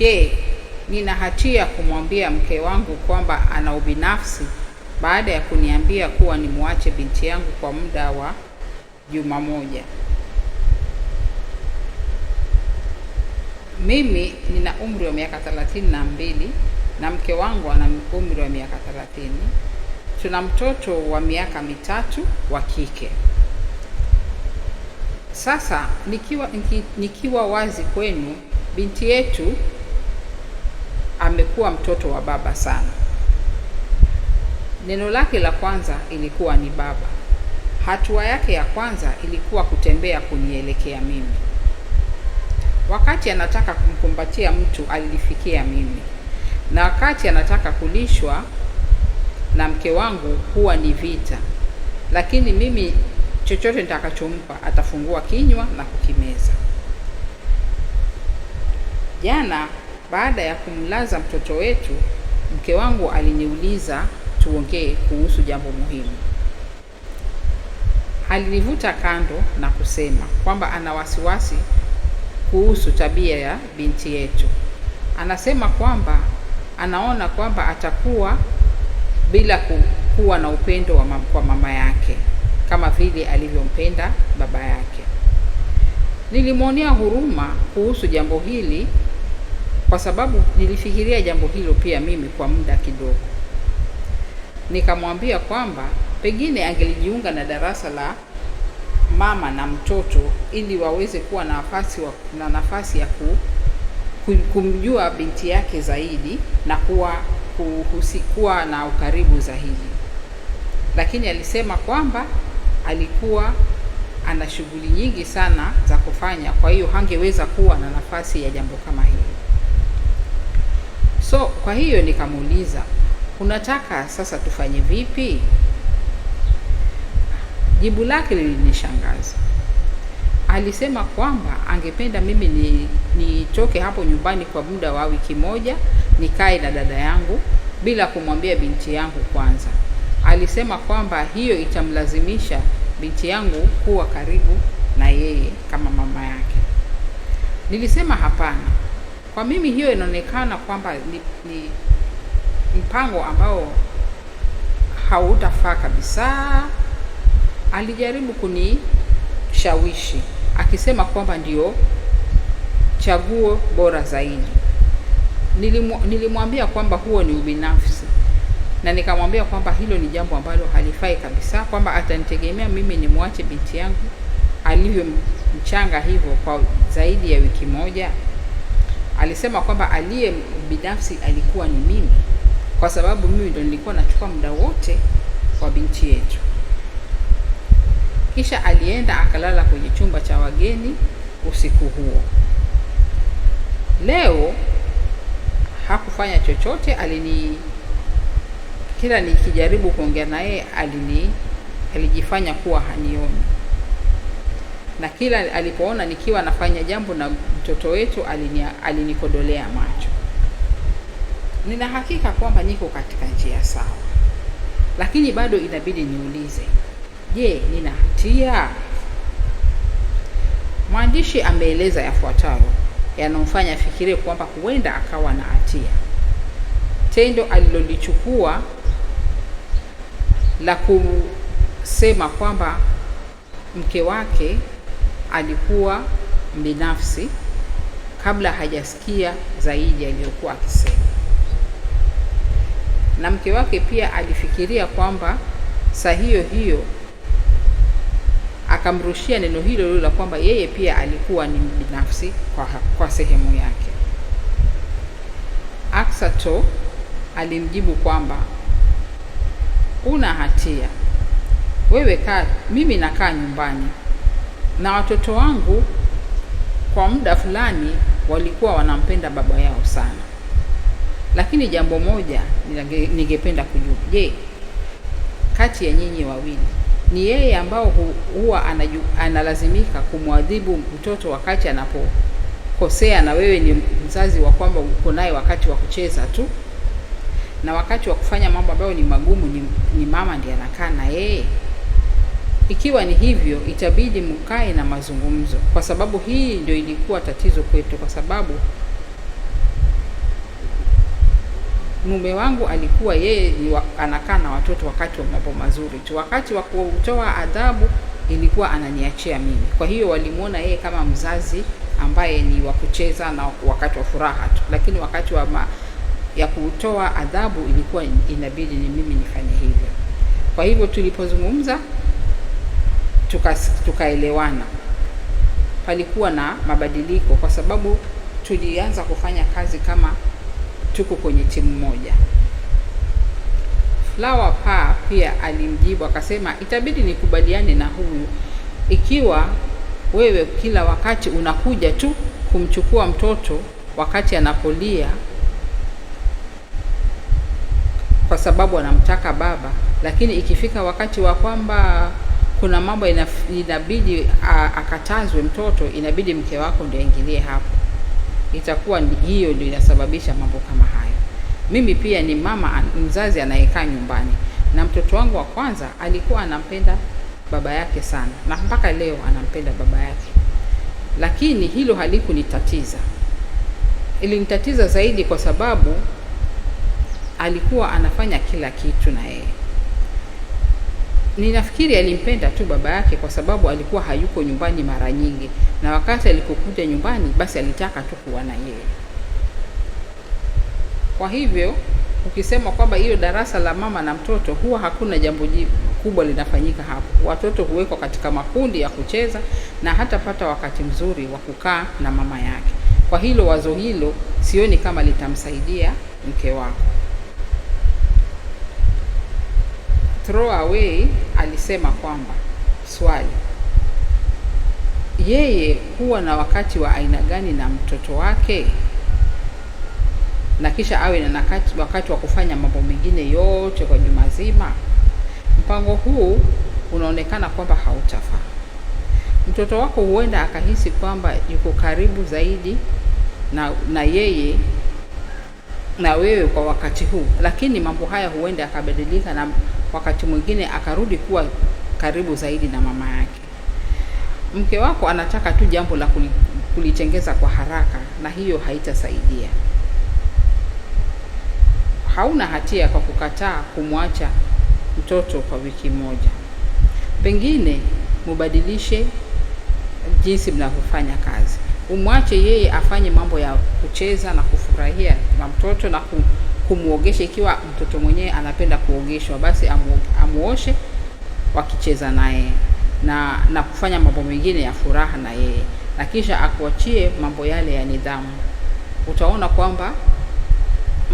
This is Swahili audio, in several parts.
Je, nina hatia kumwambia mke wangu kwamba ana ubinafsi baada ya kuniambia kuwa nimwache binti yangu kwa muda wa juma moja? Mimi nina umri wa miaka thelathini na mbili na mke wangu ana umri wa miaka thelathini. Tuna mtoto wa miaka mitatu wa kike. Sasa nikiwa, nikiwa wazi kwenu, binti yetu alikuwa mtoto wa baba sana. Neno lake la kwanza ilikuwa ni baba. Hatua yake ya kwanza ilikuwa kutembea kunielekea mimi. Wakati anataka kumkumbatia mtu alifikia mimi, na wakati anataka kulishwa na mke wangu huwa ni vita, lakini mimi chochote nitakachompa atafungua kinywa na kukimeza. Jana baada ya kumlaza mtoto wetu, mke wangu aliniuliza tuongee kuhusu jambo muhimu. Alinivuta kando na kusema kwamba ana wasiwasi kuhusu tabia ya binti yetu. Anasema kwamba anaona kwamba atakuwa bila kuwa na upendo wa mam, kwa mama yake kama vile alivyompenda baba yake. Nilimwonea huruma kuhusu jambo hili kwa sababu nilifikiria jambo hilo pia mimi kwa muda kidogo. Nikamwambia kwamba pengine angelijiunga na darasa la mama na mtoto ili waweze kuwa na nafasi wa, na nafasi ya ku, ku, kumjua binti yake zaidi na kuwa kuhusikuwa na ukaribu zaidi, lakini alisema kwamba alikuwa ana shughuli nyingi sana za kufanya, kwa hiyo hangeweza kuwa na nafasi ya jambo kama hili. So kwa hiyo nikamuuliza, unataka sasa tufanye vipi? Jibu lake lilinishangaza. Alisema kwamba angependa mimi ni nitoke hapo nyumbani kwa muda wa wiki moja nikae na dada yangu bila kumwambia binti yangu kwanza. Alisema kwamba hiyo itamlazimisha binti yangu kuwa karibu na yeye kama mama yake. Nilisema hapana. Kwa mimi hiyo inaonekana kwamba ni, ni mpango ambao hautafaa kabisa. Alijaribu kunishawishi akisema kwamba ndio chaguo bora zaidi. Nilimu, nilimwambia kwamba huo ni ubinafsi na nikamwambia kwamba hilo ni jambo ambalo halifai kabisa, kwamba atanitegemea mimi nimwache binti yangu alivyo mchanga hivyo kwa zaidi ya wiki moja alisema kwamba aliye binafsi alikuwa ni mimi, kwa sababu mimi ndo nilikuwa nachukua muda wote kwa binti yetu. Kisha alienda akalala kwenye chumba cha wageni usiku huo. Leo hakufanya chochote, alini kila nikijaribu kuongea naye alini alijifanya kuwa hanioni na kila alipoona nikiwa nafanya jambo na mtoto wetu alinikodolea macho. Nina hakika kwamba niko katika njia sawa, lakini bado inabidi niulize, je, nina hatia? Mwandishi ameeleza yafuatayo yanamfanya afikirie kwamba huenda akawa na hatia. Tendo alilolichukua la kusema kwamba mke wake alikuwa binafsi kabla hajasikia zaidi aliyokuwa akisema, na mke wake pia alifikiria kwamba saa hiyo hiyo akamrushia neno hilo hilo la kwamba yeye pia alikuwa ni binafsi kwa, kwa sehemu yake. Aksato alimjibu kwamba una hatia wewe, kaa, mimi nakaa nyumbani na watoto wangu kwa muda fulani walikuwa wanampenda baba yao sana, lakini jambo moja ningependa kujua, je, kati ya nyinyi wawili ni yeye ambao huwa anaju, analazimika kumwadhibu mtoto wakati anapokosea, na wewe ni mzazi wa kwamba uko naye wakati wa kucheza tu, na wakati wa kufanya mambo ambayo ni magumu ni, ni mama ndiye anakaa na yeye? Ikiwa ni hivyo, itabidi mkae na mazungumzo, kwa sababu hii ndio ilikuwa tatizo kwetu, kwa sababu mume wangu alikuwa yeye anakaa na watoto wakati wa mambo mazuri tu, wakati wa kutoa adhabu ilikuwa ananiachia mimi. Kwa hiyo walimuona yeye kama mzazi ambaye ni wa kucheza na wakati wa furaha tu, lakini wakati wa ma, ya kutoa adhabu ilikuwa inabidi ni mimi nifanye hivyo. Kwa hivyo tulipozungumza tukaelewana, tuka palikuwa na mabadiliko, kwa sababu tulianza kufanya kazi kama tuko kwenye timu moja. Flower Pa pia alimjibu akasema, itabidi nikubaliane na huyu ikiwa wewe kila wakati unakuja tu kumchukua mtoto wakati anapolia kwa sababu anamtaka baba, lakini ikifika wakati wa kwamba kuna mambo inabidi akatazwe mtoto, inabidi mke wako ndio aingilie hapo. Itakuwa hiyo ndio inasababisha mambo kama hayo. Mimi pia ni mama mzazi anayekaa nyumbani, na mtoto wangu wa kwanza alikuwa anampenda baba yake sana, na mpaka leo anampenda baba yake, lakini hilo halikunitatiza. Ilinitatiza zaidi kwa sababu alikuwa anafanya kila kitu na yeye Ninafikiri alimpenda tu baba yake kwa sababu alikuwa hayuko nyumbani mara nyingi, na wakati alipokuja nyumbani, basi alitaka tu kuwa na yeye. Kwa hivyo ukisema kwamba hiyo darasa la mama na mtoto, huwa hakuna jambo kubwa linafanyika hapo. Watoto huwekwa katika makundi ya kucheza na hatapata wakati mzuri wa kukaa na mama yake. Kwa hilo wazo hilo sioni kama litamsaidia mke wako. away alisema kwamba swali, yeye huwa na wakati wa aina gani na mtoto wake, na kisha awe na wakati wa kufanya mambo mengine yote kwa juma zima. Mpango huu unaonekana kwamba hautafaa. Mtoto wako huenda akahisi kwamba yuko karibu zaidi na, na yeye na wewe kwa wakati huu, lakini mambo haya huenda yakabadilika na wakati mwingine akarudi kuwa karibu zaidi na mama yake. Mke wako anataka tu jambo la kulitengeza kwa haraka, na hiyo haitasaidia. Hauna hatia kwa kukataa kumwacha mtoto kwa wiki moja. Pengine mubadilishe jinsi mnavyofanya kazi, umwache yeye afanye mambo ya kucheza na kufurahia na mtoto na ku kumwogesha. Ikiwa mtoto mwenyewe anapenda kuogeshwa, basi amwoshe amuoshe wakicheza naye na na kufanya mambo mengine ya furaha na yeye, na kisha akuachie mambo yale ya nidhamu. Utaona kwamba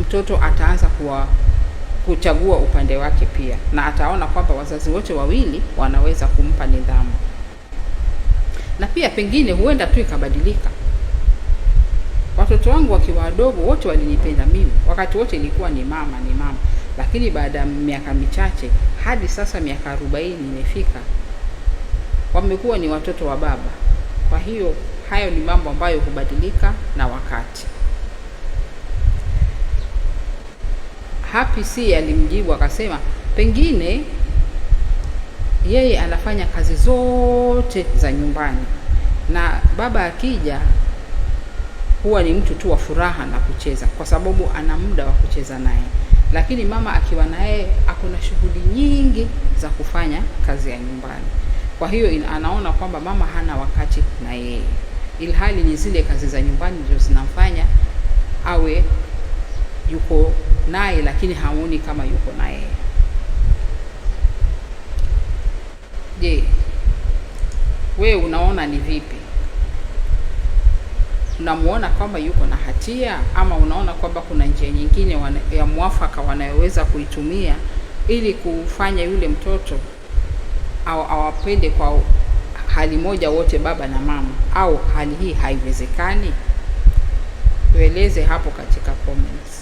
mtoto ataanza kuwa kuchagua upande wake pia, na ataona kwamba wazazi wote wawili wanaweza kumpa nidhamu, na pia pengine huenda tu ikabadilika Watoto wangu wakiwa wadogo wote walinipenda mimi, wakati wote ilikuwa ni mama, ni mama. Lakini baada ya miaka michache hadi sasa miaka arobaini nimefika, wamekuwa ni watoto wa baba. Kwa hiyo hayo ni mambo ambayo hubadilika na wakati. Happy si alimjibu akasema, pengine yeye anafanya kazi zote za nyumbani na baba akija huwa ni mtu tu wa furaha na kucheza, kwa sababu ana muda wa kucheza naye. Lakini mama akiwa naye akuna shughuli nyingi za kufanya kazi ya nyumbani, kwa hiyo anaona kwamba mama hana wakati na yeye, ilhali ni zile kazi za nyumbani ndio zinamfanya awe yuko naye, lakini haoni kama yuko naye. Je, wewe unaona ni vipi? unamuona kwamba yuko na hatia ama unaona kwamba kuna njia nyingine wana, ya mwafaka wanayoweza kuitumia ili kufanya yule mtoto au awapende kwa hali moja wote baba na mama, au hali hii haiwezekani? Tueleze hapo katika comments.